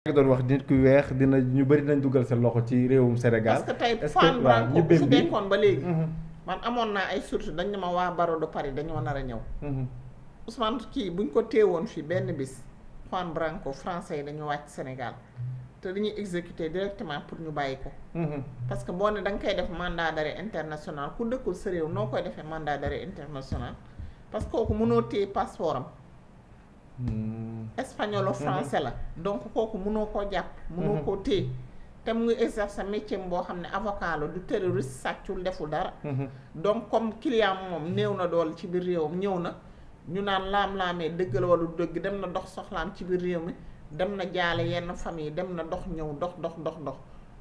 nga doon wax nit ku weex ñu bëri nañ dugal seen loxo ci réewum Sénégal. est-ce que tey Juan Branco bu fi dekkoon ba léegi. Mm-hmm. man amoon na ay sources dañ ne ma waa Barreau de Paris dañoo nar a ñëw. Mm-hmm. Ousmane kii buñ ko téewoon fii benn bis Juan Branco français yi dañu wàcc Sénégal te dañuy exécuter directement pour ñu bàyyi ko. Mm-hmm. parce que boo ne koy def mandat d'arrêt international ku dëkkul sa réew noo koy defee mandat d'arrêt international parce que kooku mënoo téye passeport espagnolo mhm. français la donc kooku mënoo koo jàpp mënoo mhm. koo téye te mu ngi exercer métier boo xam ne avocat la du terroriste sàccul deful dara mhm. donc comme client moom néew na dool ci biir réewam ñëw na ñu naan laam-laamee dëgg la wala dëgg dem na dox soxlaan ci biir réew mi dem na jaale yenn famille dem na dox ñëw dox dox dox dox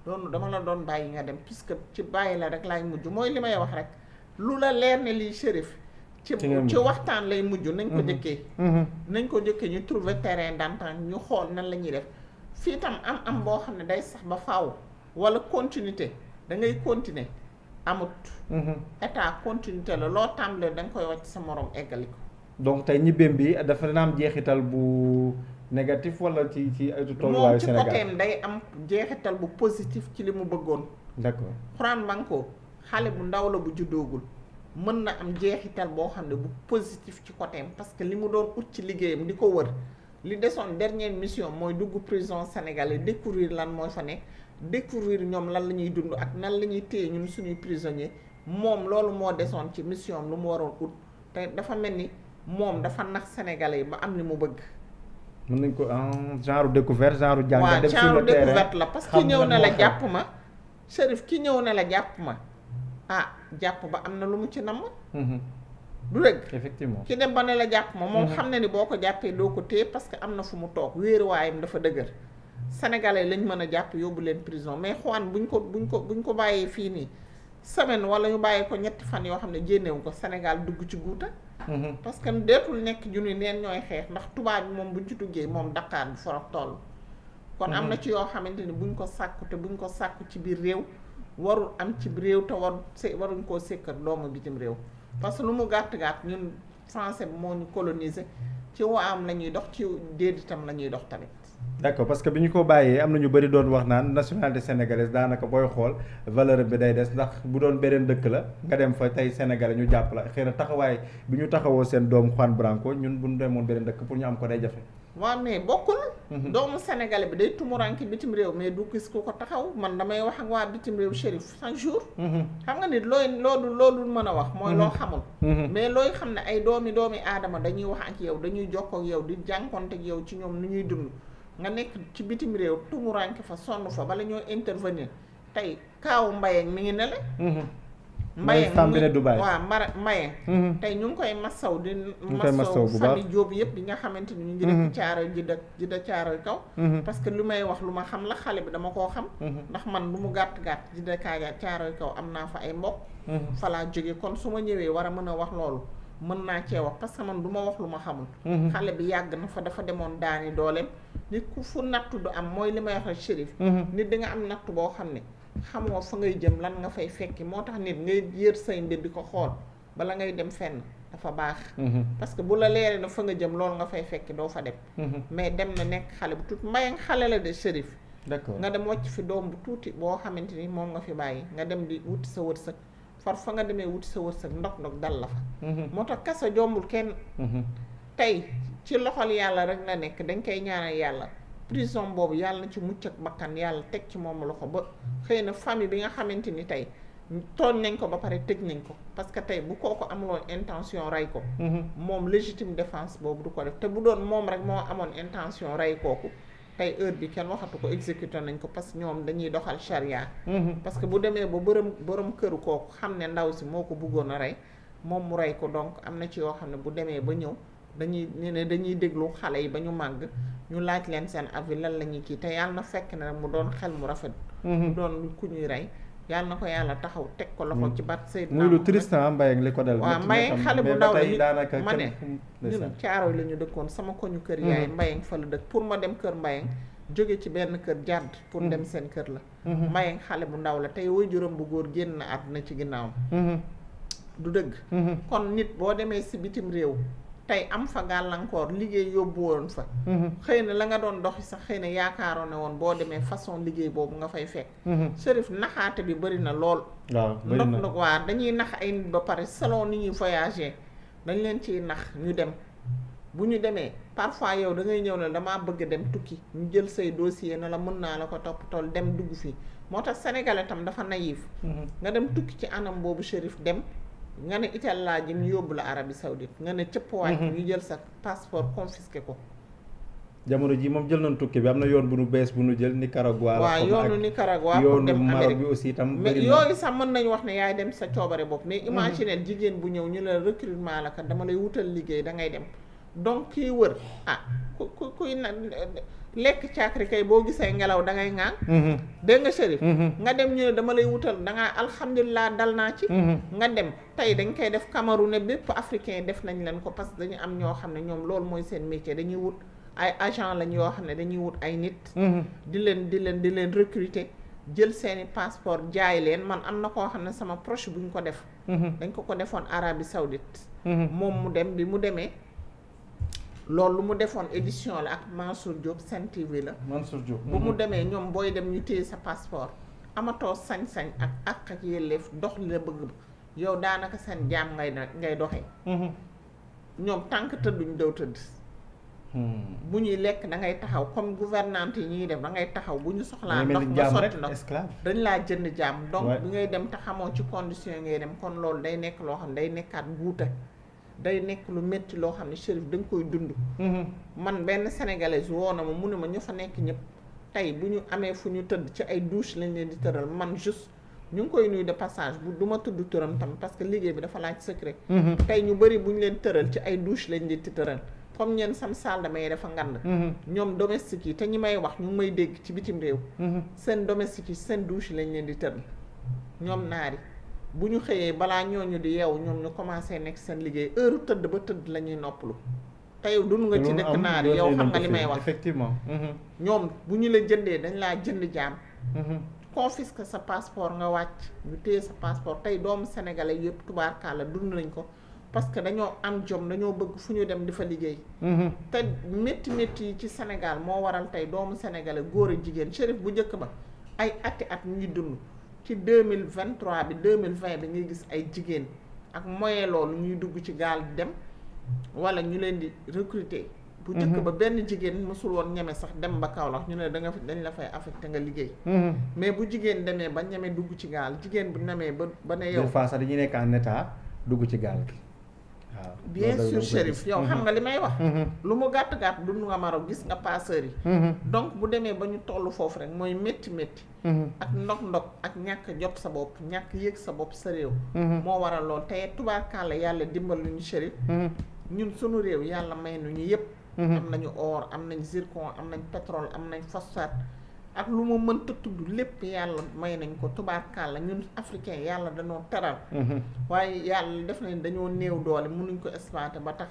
doonu dama la doon bàyyi nga dem puisque ci bàyyi la rek laay mujj mooy li may wax rek lu la leer ne lii shérif ci ci waxtaan lay mujj nañ ko mhm. jëkkee mhm. nañ ko jëkkee ñu trouver terrain d'entente ñu xool nan la ñuy def fii tam am am mhm. boo xam ne day sax ba faaw wala continuité da ngay continuer amut état continuité la loo tàmbalee danga koy wàcc sa moroom eggali donc tey ñibbeem bi dafa dina jeexital bu négatif wala ci ci ay tolluwaayu Sénégal moom ci côté day am jeexital bu positif ci li mu bëggoon d'accord xuraan man ko xale bu ndaw la bu juddoogul mën na am jeexital boo xam ne bu positif ci côté am parce que li mu doon ut ci liggéeyam di ko wër li desoon dernière mission mooy dugg prison sénégalais découvrir lan mooy fa nekk découvrir ñoom lan la ñuy dund ak nan la ñuy téye ñun suñuy prisonnier moom loolu moo desoon ci mission lu mu waroon ut te dafa mel ni moom dafa nax sénégalais yi ba am li mu bëgg. mun nañ ko ah, genre découverte genre jàng. dem sur le terrain waaw la parce que ñëw na la jàpp ma. Chérif ki ñëw na la jàpp ma. ah jàpp ba am na lu mu ci namm. Mhm. du dëgg. effectivement ci dem ba ne la jàpp ma moom mhm. xam na ni boo ko jàppee doo ko téye parce que am na fu mu toog wéer wéeruwaayam dafa dëgër. sénégalais lañ mën a jàpp yóbbu leen prison mais xawaan buñ ko buñ ko buñ ko bàyyee fii nii semaine wala ñu bàyyi ko ñetti fan yoo xam ne jénnewu ko Sénégal dugg ci guuta mhm. parce que deetul nekk junni neen ñooy xeex ndax tubaab bi moom buñ ci duggee moom Dakar bi forox toll. kon am na ci yoo xamante ni buñ ko sàkku buñ ko sàkku ci biir réew. warul am ci réew te war se waruñ koo sékkat doomu bitim réew parce que lu mu gàtt gàtt ñun français bi moo ñu colonisé ci waam la ñuy dox ci déedéet tam la ñuy dox tamit. d'accord parce que bi ñu ko bàyyee am na ñu bëri doon wax naan nationalité sénégalaise daanaka booy xool valeur bi day des ndax bu doon beneen dëkk la nga dem fa tey sénégalais ñu jàpp la xëy na taxawaay bi ñu taxawoo seen doom Juan Branco ñun bu ñu demoon beneen dëkk pour ñu am ko day jafe. Mhm. doomu sénégalais bi day tumuranki bitim réew mais du gis ku ko taxaw man damay wax ak waa bitim réew mhm. chérif chaque jour mhm. xam nga nit looy loolu loolu mën a wax mooy loo xamul mais looy xam ne ay doomi doomi aadama dañuy wax ak yow dañuy jokkook ak yow di jànkonte ak yow ci ñoom nu ñuy dund nga nekk ci bitim réew tumuranki fa sonn fa bala ñoo intervenir tey kaawu mbayeg mi ngi ne la maye tàmbale Dubaay waaw mara maye mm-hmm. tey ñu ngi koy masaw di masaw famille Jóob yëpp yi nga xamante ni ñu ngi dëkk caaro ji dëkk ji kaw mm-hmm. parce que lu may wax lu ma xam la xale bi dama koo xam mm-hmm. ndax man lu mu gàtt-gàtt ji da kaaga caaro am naa fa ay mbokk fa laa jóge kon su ma ñëwee war a mën a wax loolu mën naa cee wax parce que man du ma wax lu ma xamul xale bi yàgg na fa dafa demoon daani dooleem nit ku fu nattu du am mooy li may wax ak Chérif nit di am nattu boo xam ne xamoo fa ngay jëm lan nga fay fekki moo tax nit ngay yër say mbir di ko xool bala ngay dem fenn dafa baax mhm. parce que bu la leeree na fa nga jëm loolu nga fay fekki doo fa dem mhm. mais dem na nekk xale bu tuuti mbayang xale la de shérif d'accord nga dem wàcc fi doom bu tuuti boo xamante ni moom nga fi bàyyi nga dem di wuti sa wërsëg far fa nga demee wuti sa wërsëg ndog ndog dal la fa mhm. moo tax kasa jombul kenn tey ci loxol yàlla rek la nekk dañ koy ñaanal yàlla prison boobu yàlla na ci mucc ak bakkan yàlla teg ci moom loxo ba xëy na famille bi nga xamante ni tey tooñ nañ ko ba pare tëj nañ ko parce que tey bu kooku amuloon intention rey ko. Mhm. moom intention rey kooku. tey heure bi kenn waxatu ko exécuté nañ ko parce que ñoom dañuy doxal charia. Mhm. parce que bu demee ba borom borom këru kooku xam ne ndaw si moo ko bëggoon a rey moom mu rey ko donc am na ci yoo xam ne bu demee ba ñëw. dañuy nee ne dañuy déglu xale yi ba ñu màgg ñu laaj leen seen avis lan la kii te yàlla na fekk na mu doon xel mu rafet. Mhm. mu doon ku ñuy rey. yàlla na ko yàlla taxaw teg ko loxo mhm. ci bat Seydou muy lu triste ah Mbaye li ko dal. waaw Mbaye xale bu ndaw la ma ne ñun caaro la ñu dëkkoon sama koñu kër yaay mhm. Mbaye fa la dëkk pour ma dem kër Mbaye jóge ci benn kër jàdd pour dem seen kër la Mbaye xale bu ndaw la tey waajuram bu góor génn na àdduna ci ginnaawam du dëgg kon nit boo demee si bitim réew tey am fa gàllankoor liggéey yóbbu woon fa mhm. xëy na la nga doon doxi sax xëy na yaakaaroon ne woon boo demee façon liggéey boobu nga fay fekk Chérif mhm. naxaate bi bëri na lool waaw ndog ndog waa dañuy nax ay nit ba pare selon ni ñuy voyager dañ leen ciy nax ñu dem bu ñu demee parfois yow da ngay ñëw ne damaa bëgg dem tukki ñu jël say dossier ne la mën naa la ko topp tool dem dugg fii moo tax sénégalais tam dafa naïf mhm. nga dem tukki ci anam boobu Chérif dem nga ne ital laa ji ñu yóbbu la Arabie Saoudite nga ne cëpp waaj mhm. ñu jël sa passeport confisqué ko jamono ji moom jël nañ tukki bi am na yoon bu nu bees bu nu jël Nicaragua waaw yoonu Nicaragua pour dem Maroc bi aussi itam mais yooyu sax mën wax ne yaay dem sa coobare bopp mais mhm. imagine jigéen bu ñëw ñu la recrutement la kat dama lay wutal liggéey dangay dem donc kii wër ah ku ku kuy na lekk caakri kay boo gisee ngelaw da ngay ŋaan mhm. dégg nga chérif mhm. nga dem ñu ne dama lay wutal da ngaa dal naa ci mhm. nga dem tey dañ koy def Cameroun ne bépp africain def nañ leen ko parce que dañu am ñoo xam ne ñoom loolu mooy seen métier dañuy wut ay agent lañ yoo xam ne dañuy wut ay nit di leen di leen di leen recruter jël seeni passeport jaay leen man am na koo xam ne sama proche buñ ko def dañ ko ko defoon Arabie Saoudite moom mu dem bi mu demee loolu lu mu defoon édition la ak Mansour Diop Sen TV la. Mansour Diop bu mu mm-hmm. demee ñoom booy dem ñu téye sa passeport. amatoo sañ-sañ ak ak ak dox li la bëgg yow daanaka seen jaam ngay ngay doxee. Mm-hmm. ñoom tànk tëdduñ daw tëdd. Mm-hmm. bu ñuy lekk da ngay taxaw comme gouvernante yi ñuy def da ngay taxaw bu ñu soxlaa ndox nga sotti ndox dañ laa jënd jaam donc bi ngay dem te xamoo ci condition ngay dem kon loolu day nekk loo xam day nekkaat guuta day nekk lu métti loo xam ne Chérif da nga koy dund. Mm-hmm. man benn sénégalaise woo na ma mu ne ma ñu fa nekk ñëpp tey bu ñu amee fu ñu tëdd ci ay douche lañ leen di tëral man juste ñu ngi koy nuyu de passage bu du ma tudd turam tam parce que liggéey bi dafa laaj secret. Mm-hmm. tey ñu bëri bu ñu leen tëral ci ay douche lañ leen di tëral. comme ñeen sam saal damay dafa ngand mm-hmm. ñoom domestique yi te ñi may wax ñu may dégg ci bitim réew. seen domestique yi seen douche lañ leen di tëral ñoom naari bu ñu xëyee balaa ñu di yeewu ñoom ñu commencé nekk seen liggéey heure tëdd ba tëdd la ñuy noppalu tey dund nga ci dëkk naar yow xam nga li may wax mhm. ñoom bu ñu la jëndee dañ laa jënd jaam mhm. confisque sa passeport nga wàcc ñu téye sa passeport tey doomu sénégalais yëpp tubaarkàlla dund nañ ko parce que dañoo am jom dañoo bëgg fu ñu dem di fa liggéey mhm. te métti métti yi ci senegal moo waral tey doomu sénégalais góor a jigéen chérif bu njëkk ba ay ati at ñuy dund ci deux mille vingt trois bi deux mille vingt bi ngay gis ay jigéen ak moyen loolu ñuy dugg ci gaal di dem wala ñu leen di recruter. bu njëkk mhm. ba benn jigéen mosul woon ñeme sax dem ba Kaolack ñu ne da nga dañ la fay affecté nga liggéey. Mhm. mais bu jigéen demee ba ñeme dugg ci gaal jigéen bu ñemee ba ba ne yow. des sax dañuy nekk en état dugg ci gaal gi. bien sûr Chérif yow xam nga li may wax mm-hmm. Mm-hmm. lu mu gàtt-gàtt dund nga Maroc gis nga passeurs yi mm-hmm. donc bu demee ba ñu toll foofu rek mooy métti métti ak ndog-ndog ak ñàkk jot sa bopp ñàkk yëg sa bopp sa réew moo waral lool te tubaarkàlla yàlla dimbal ñu Chérif ñun sunu réew yàlla may nu ñu yëpp am nañu or am nañ zircon am nañ pétrole am nañ phosphate ak lu ma mënta tudd lépp yàlla may nañ ko tubaarkàlla ñun africain yàlla dañoo teral mhm. waaye yàlla def nañ dañoo néew doole mënuñ ko exploité ba tax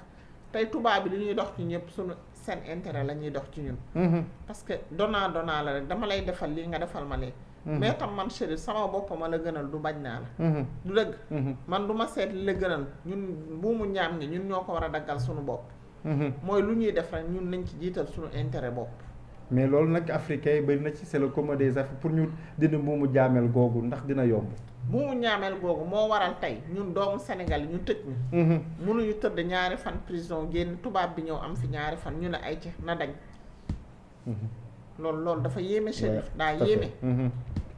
tey tubaab bi li ñuy dox ci ñëpp suñu seen intérêt la ñuy dox ci ñun mhm. parce que donnaa donnaa la rek dama lay defal lii nga defal ma lii mhm. mais tam man chéri sama boppam la gënal du bañ naa la du dëgg man du ma seet li la gënal ñun buumu ñaam ngi ñun ñoo ko war a daggal suñu bopp mooy lu ñuy def rek ñun nañ ci jiital suñu intérêt bopp mais loolu nag africain yi bëri na ci c'est le commun des affaires pour ñu dina muumu jaamel googu ndax dina yomb muumu ñaameel googu moo waral tey ñun doomu Sénégal ñu tëj ñu mhm. mënuñu tëdd ñaari fan prison génn tubaab bi ñëw am fi ñaari fan ñu ne ay ci na dañ mhm. loolu loolu dafa yéeme Chérif daa yéeme mhm.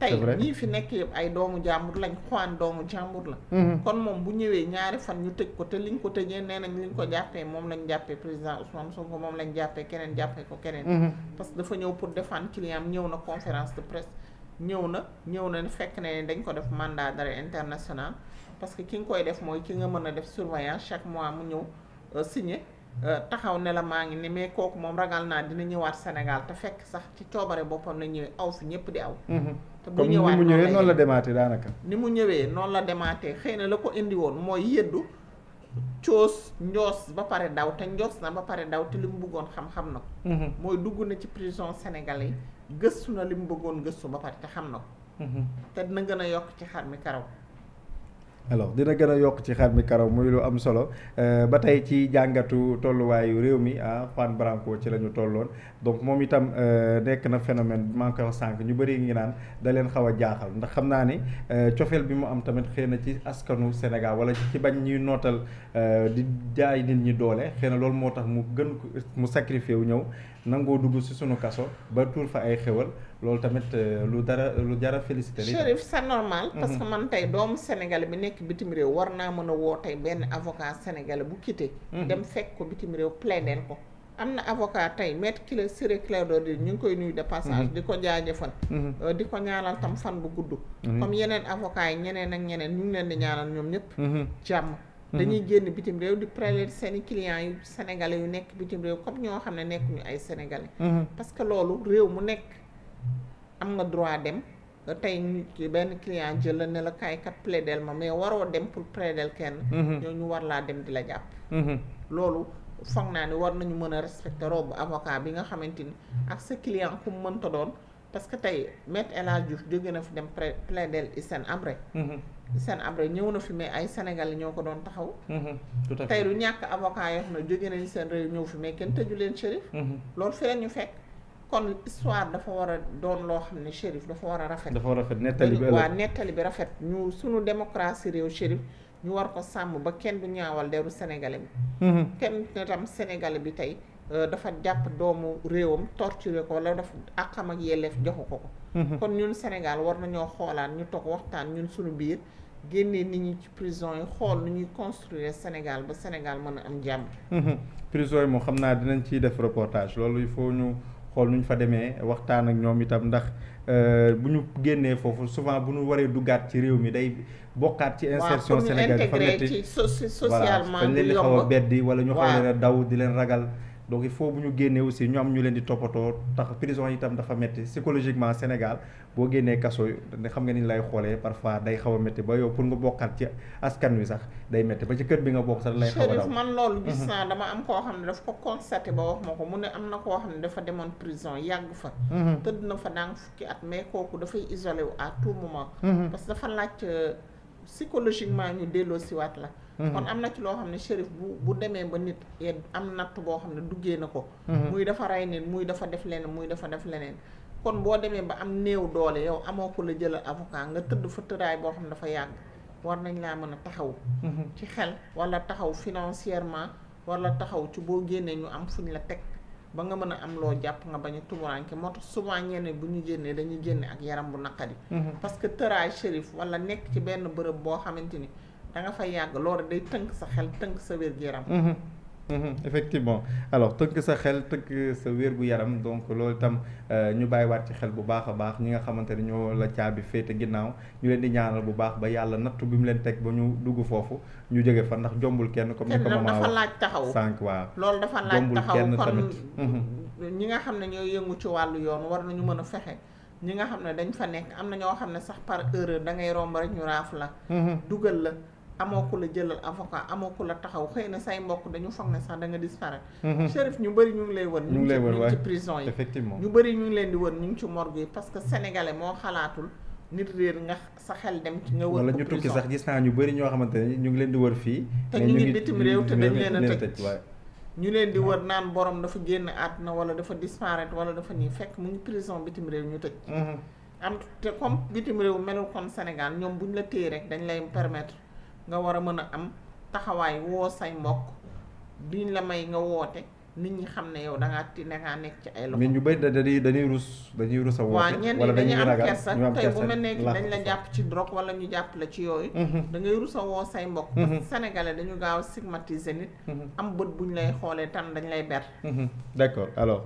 tey ñii fi nekk yëpp ay doomu jàmbur lañ xowaan doomu jàmbur la mm-hmm. kon moom bu ñëwee ñaari fan ñu tëj ko te ñu ko tëjee nee nañ liñ ko jàppee moom lañ jàppee président Ousmane Sonko moom lañ jàppee keneen jàppee ko keneen mm-hmm. parce que dafa ñëw pour défendre client ñëw na conférence de presse ñëw na ñëw na fekk na ne dañ ko def mandat d'arrêt international parce que ki nga koy def mooy ki nga mën a def surveillance chaque mois mu ñëw euh, signer Euh, taxaw ne la maa ngi ni mais kooku moom ragal naa dina ñëwaat Sénégal te fekk sax ci coobare boppam la ñëwee aw si ñëpp di aw. Mm-hmm. te bu ñëwaat ni mu ñëwee noonu la demaate daanaka. ni mu ñëwee noonu la demaatee xëy na la ko indi woon mooy yeddu coos njoos ba pare daw te njoos na ba pare daw te li mu bëggoon xam-xam na ko. Mm-hmm. mooy dugg na ci prison sénégalais yi gëstu na li mu bëggoon gëstu ba pare te xam na ko. Mm-hmm. te dina gën a yokk ci xar mi karaw. alors dina gën a yokk ci xar mi karaw muy lu am solo euh, ba tey ci jàngatu tolluwaayu réew mi ah Juan Branco ci la ñu tolloon donc moom itam euh, nekk na phénomène maa sànq ñu bëri ngi naan da leen xaw a jaaxal ndax xam naa ni euh, cofeel bi mu am tamit xëy na ci askanu Sénégal wala ci bañ ñuy nootal di jaay nit ñi doole xëy na loolu moo tax mu gën mu sacrifié wu ñëw nangoo dugg si suñu kaso ba tuur fa ay xewal loolu tamit euh, lu dara lu jara félicité Chérif c'est normal mhm. parce que man tey doomu sénégalais bi nekk bitim réew war naa mën a woo tey benn avocat sénégalais bu quitté mhm. dem fekk ko bitim réew plaider ko am na avocat tey maître Ciré Clédor Ly ñu ngi koy nuyu de passage mhm. di ko jaajëfal euh, di ko ñaanal tam fan bu gudd comme yeneen avocat yi ñeneen ak ñeneen ñu ngi leen di ñaanal ñoom ñëpp jàmm Mm-hmm. dañuy génn bitim réew di prélever seen i yu sénégalais yu nekk bitim réew comme ñoo xam ne nekkuñu ay sénégalais. Mm-hmm. parce que loolu réew mu nekk am nga droit dem. tey benn client jël la ne la kaay kat plaidel ma mais waroo dem pour plaidel kenn. ñoo mm-hmm. ñu war laa dem di la jàpp. loolu foog naa ne war nañu mën a respecte robu avocat bi nga xamante ni ak sa client ku mu mënta doon. parce que tey maître El Hadj Diouf jóge na fi dem plaider Hissène Habré mhm. Hissène Habré ñëw na fi mais ay Sénégalais ñoo ko doon taxaw mhm. tey du ñàkk avocat yoo xam ne jóge nañ seen réew ñëw fi mais kenn tëju leen shérif mhm. loolu fee ñu fekk kon histoire dafa war a doon loo xam ne shérif dafa war a rafet dafa war a rafet nettali bi bi rafet ñu suñu démocratie réew shérif ñu war ko sàmm ba kenn du ñaawal deru Sénégalais bi kenn tam Sénégalais bi tey Euh, dafa jàpp doomu réewam torturé ko wala dafa àqam ak yelleef joxu ko ko mhm. kon ñun Sénégal war nañoo xoolaat ñu toog waxtaan ñun suñu biir génnee nit ñi ci prison yi xool nu ñuy construire Sénégal ba Sénégal mën a am jàmm mhm. prison yi moo xam naa dinañ ciy def reportage loolu il faut ñu xool nu ñu fa demee waxtaan ak ñoom itam ndax euh, bu ñu génnee foofu souvent bu ñu waree duggaat ci réew mi day bokkaat ci insertion Sénégal dafa metti socialement dañ leen di xaw a wala ñu xaw daw di leen ragal donc il faut bu ñu génnee aussi ñu am ñu leen di toppatoo tax prison yi itam dafa métti psychologiquement Sénégal boo génnee kaso ne xam nga ni lay xoolee parfois day xaw a ba yow pour nga bokkaat ci askan wi sax day métti ba ci kër bi nga bokk sax lay xaw a mhm. dama am koo xam ne daf ko constaté ba wax ma ko mu ne am na koo xam ne dafa demoon prison yàgg fa mhm. tëdd na fa daanga fukki at mais kooku dafay isolé wu à moment mhm. parce que dafa laaj psychologiquement ñu delloo siwaat la mhm. kon am na ci loo xam ne shérif bu bu demee ba nit yedd am natt boo xam ne duggee na ko mhm. muy dafa rey nit muy dafa def leneen muy dafa def leneen kon boo demee ba am néew doole yow amoo ko la jëlal avocat nga tëdd fa tëraay boo xam ne dafa yàgg war nañ laa mën a taxaw mhm. ci xel wala taxaw financièrement wala taxaw ci boo génnee ñu am fuñ la teg ba nga mën a am loo jàpp nga bañ a tumuranke moo tax souvent ñeneen bu ñu génnee dañuy génne ak yaram bu naqari. Mhm. parce que tëraay shérif wala nekk ci benn bërëb boo xamante ni danga nga fay yàgg loolu day tënk sa xel tënk sa wér-gu-yaram mhm. Mhm. effectivement alors tënk sa xel tënk sa wér gu yaram donc loolu itam euh, ñu bàyyiwaat ci xel bu baax a baax ñi nga xamante ne ñoo la caabi féete ginnaaw ñu leen di ñaanal bu baax ba yàlla nattu bi mu leen teg ba ñu dugg foofu ñu jóge fa ndax jombul kenn comme ni ko maman dafa laaj taxaw sànq waaw loolu dafa laaj taxaw kenn tamit mhm. ñi nga xam ne ñooy yëngu ci wàllu yoon war nañu mën a fexe ñi nga xam ne dañ fa nekk am na ñoo xam ne sax par erreur da ngay romb rek ñu raaf la mhm. la amoo ku la jëlal avocat amoo ku la taxaw xëy na say mbokk dañu foog ne sax da nga disparaître. Mhm. Chérif ñu bëri ñu ngi lay wër. ñu ngi lay wër waay ñu ci prison yi ñu bëri ñu leen di wër ñu ngi ci morgue yi parce que sénégalais moo xalaatul nit réer nga sa xel dem ci nga wër. wala ñu tukki sax gis naa ñu bëri ñoo xamante ne ñu ngi leen di wër fii. te ñu ngi bitim réew te dañ leen a tëj ñu leen di wër naan borom dafa génn àdduna wala dafa disparaître wala dafa nii fekk mu ngi prison bitim réew ñu tëj mhm. am te comme bitim réew melul comme Sénégal ñoom buñ la téye rek nga war a mën a am taxawaay woo say mbokk duñ la may nga woote nit ñi xam ne yow da ngaa ti da ngaa nekk ci ay loxo. mais ñu bëri dañuy dañuy rus dañuy rus a woote. wala dañuy ragal waaw ñenn ñi dañuy am kersa tey bu mel ne dañ la jàpp ci drogue wala ñu jàpp la ci yooyu. Mhm. da ngay rus a woo say mbokk. Mhm. parce que sénégalais dañu gaaw stigmatiser nit. Mhm. am bët buñ lay xoolee tam dañ lay ber. d'accord alors.